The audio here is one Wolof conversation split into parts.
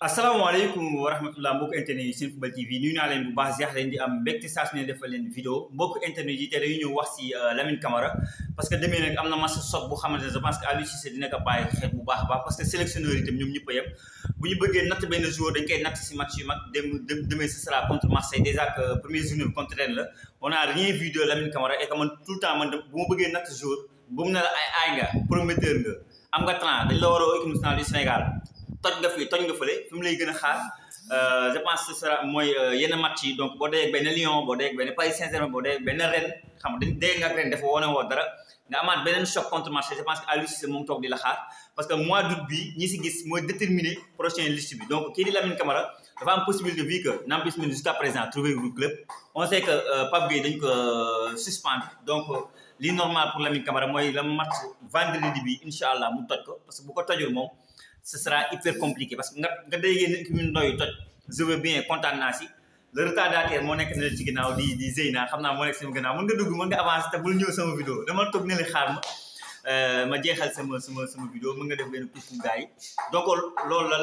asalaamaaleykum wa rahmatullah mbokk internet yi seen football TV nuyu naa leen bu baax ziar leen di am mbégte saa su ne defal leen vidéo mbokk internet yi te dañuy ñëw wax si euh, Lamine Camara parce que demee nag am na match soog bu xamante ne je pense que Aliou Cissé dina ko bàyyi xel bu baax baax parce que sélectionneur yi itam ñoom ñëpp a yem bu ñu bëggee natt benn joueur dañ koy natt si match yu mag dem demee ce sera contre Marseille déjà que premier journée bi contre elle la on n'a rien vu de Lamine Camara et que man tout le temps man bu ma bëggee natt joueur bu mu ne la ay aay nga prometteur nga am nga temps dañ la war a équipe nationale du Sénégal toj nga fi toj nga fële fi mu lay gën a xaar euh, je pense que ce sera mooy euh, yenn match yi donc boo dee ak benn Lyon boo dee ak benn Paris Saint-Germain boo dee ak benn Rennes xam nga dee nga ak Rennes dafa wane woo dara nga amaat beneen choc contre Marseille je pense que Aliou Cissé mu ngi toog di la xaar parce que mois d'août bi ñi si gis mooy déterminer prochain liste bi donc kii di Lamine Camara dafa am possibilité vu que Nampalys Mendy jusqu'à présent trouvé wul club on sait que euh, Pape Gueye dañ ko suspendre donc li normal pour Lamine Camara mooy la match vendredi bi incha allah mu toj ko parce que bu ko tojul moom ce sera hyper compliqué parce que nga nga déggee nit ki mu nooyu toj je bien kontaan naa si le retardataire moo nekk ne la ci ginnaaw di di Zeyna xam naa moo nekk sama ginnaaw mën nga dugg mën nga avancer te bul ñëw sama vidéo dama toog ne xaar ma euh, ma jeexal sama sama sama vidéo mën nga def benn puufu gars yi donc loolu la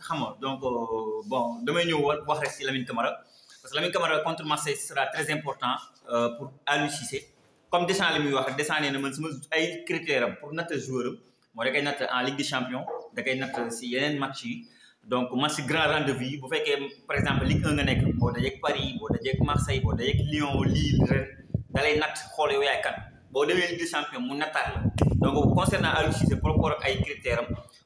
xam donc euh, bon damay ñëw wax rek si Lamine Camara parce que Lamine Camara contre Marseille sera très important euh, pour Aliou Cissé comme Deschamps li muy wax Deschamps nee na man sama ay critères am pour natt moo da natt en Ligue des Champions da koy natt si yeneen match yi donc match grand rendez-vous yi bu fekkee par exemple Ligue 1 nga nekk boo dajeeg Paris boo dajeeg Marseille boo dajeeg Lyon Lille ren da lay natt xool yow yaay kan boo Ligue des Champions mu nattaat donc concernant Aliou Cissé par rapport ak ay critères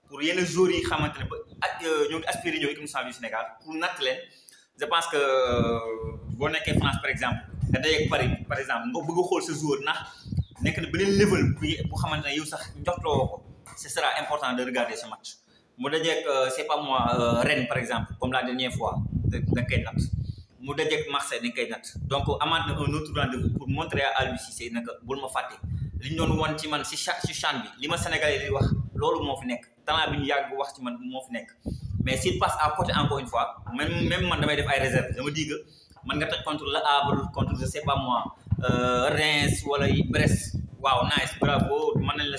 pour yenn joueurs yi xamante ne ba ak euh, ñoo ngi aspiré ñëw équipe nationale du Sénégal pour natt je pense que euh, boo nekkee France par exemple nga dajeeg Paris par exemple nga bëgg a ce sa joueur ndax nekk na benen level bu xamantene yow sax njortoo ko ce sera important de regarder ce match mu ne eh, c'est pas moi Rennes par exemple comme la dernière fois da nga Je natt mu dajeeg Marseille da nga donc amaat a eh, un autre rendez-vous pour montrer à lui c'est c'est bul ma fàtte li ñu ci man si cha si CHAN bi li ma Sénégalais c'est wax loolu moo fi nekk talent bi wax ci man moo mais s'il passe à côté encore une fois même même man damay def ay réserve dama dis que je nga être contre Le Havre contre je ne sais pas moi euh, Reims wala Brest wow nice bravo je nañ la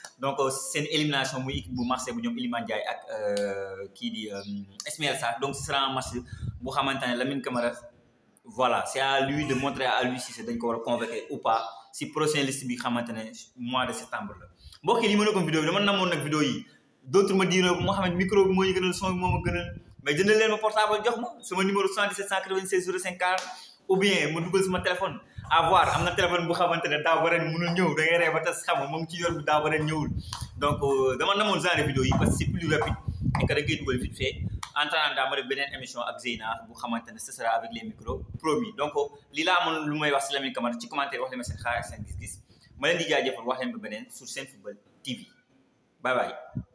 donc une euh, élimination muy équipe bu marché bu ñoom Iliman Ndiaye ak euh, kii di euh, Ismaël Sarr donc ce sera un match bu xamantane Lamine Camara voilà c'est à lui de montrer à lui si dañ ko war a ou pas si prochaine liste bi xamantane mois de septembre la mbokk li ma vidéo bi dama namoon vidéo yi d'autres ma diinoo mo ma micro mo ñu gënal son mo ma gënal mais jëndal leen ma portable jox ma sama numéro 77 196 05 ou bien ma dugal sama téléphone avoir am na téléphone bu xamante ne daaw ba ren mënul ñëw da ngay ree ba tas xam nga mu ngi ci yor bi daaw ba ren ñëwul donc euh, dama namoon genre vidéo yi parce que c'est plus rapide et que da ngay dugal vite fait en attendant ma def beneen émission ak Zeyna bu xamante ne ce sera avec les micros promis donc lii laa amoon lu may wax si Lamine Camara ci commentaire wax leen ma seen xaar ak seen gis-gis ma leen di jaajëfal wax leen ba beneen sur Football TV bye bye.